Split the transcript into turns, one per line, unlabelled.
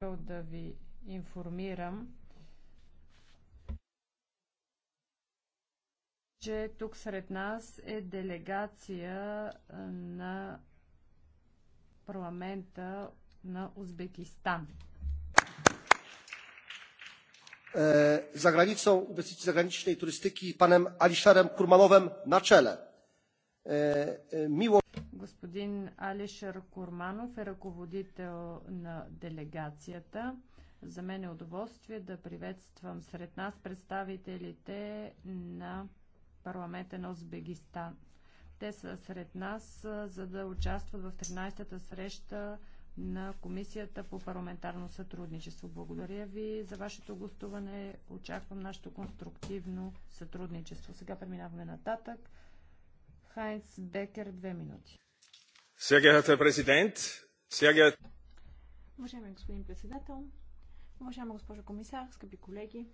искал да ви информирам, че тук сред нас е делегация на парламента на Узбекистан.
Za granicą inwestycji zagranicznej turystyki panem Alisherem Kurmanowem na czele. Miło
Господин Алишер Курманов е ръководител на делегацията. За мен е удоволствие да приветствам сред нас представителите на парламента на Узбекистан. Те са сред нас, за да участват в 13-та среща на Комисията по парламентарно сътрудничество. Благодаря ви за вашето гостуване. Очаквам нашето конструктивно сътрудничество. Сега преминаваме нататък. Хайнц Бекер, две минути.
Sehr geehrter Herr Präsident, sehr geehrter...
Уважаеми господин председател, уважаема госпожо комисар, скъпи колеги,